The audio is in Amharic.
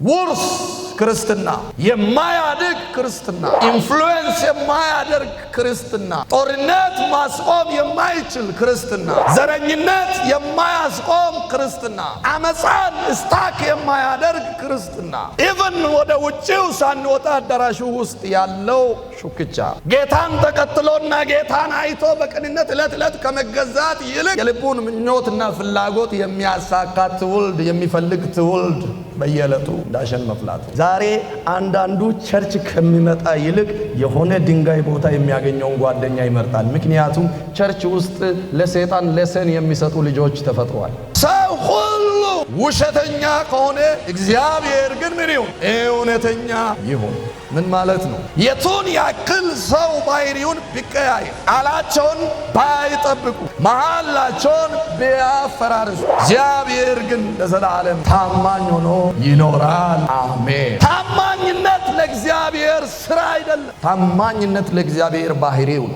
worse ክርስትና፣ የማያድግ ክርስትና፣ ኢንፍሉዌንስ የማያደርግ ክርስትና፣ ጦርነት ማስቆም የማይችል ክርስትና፣ ዘረኝነት የማያስቆም ክርስትና፣ አመፃን ስታክ የማያደርግ ክርስትና፣ ኢቨን ወደ ውጭው ሳንወጣ አዳራሹ ውስጥ ያለው ሹክቻ ጌታን ተከትሎና ጌታን አይቶ በቅንነት ዕለት ዕለት ከመገዛት ይልቅ የልቡን ምኞትና ፍላጎት የሚያሳካ ትውልድ የሚፈልግ ትውልድ በየዕለቱ እንዳሸን መፍላት ዛሬ አንዳንዱ ቸርች ከሚመጣ ይልቅ የሆነ ድንጋይ ቦታ የሚያገኘውን ጓደኛ ይመርጣል። ምክንያቱም ቸርች ውስጥ ለሰይጣን ለሰን የሚሰጡ ልጆች ተፈጥሯል። ሰው ውሸተኛ ከሆነ እግዚአብሔር ግን ምን ይሁን? እውነተኛ ይሁን። ምን ማለት ነው? የቱን ያክል ሰው ባህሪውን ቢቀያየ ቃላቸውን ባይጠብቁ፣ መሃላቸውን ቢያፈራርሱ፣ እግዚአብሔር ግን ለዘላለም ታማኝ ሆኖ ይኖራል። አሜን። ታማኝነት ለእግዚአብሔር ስራ አይደለም። ታማኝነት ለእግዚአብሔር ባህሪው ነው።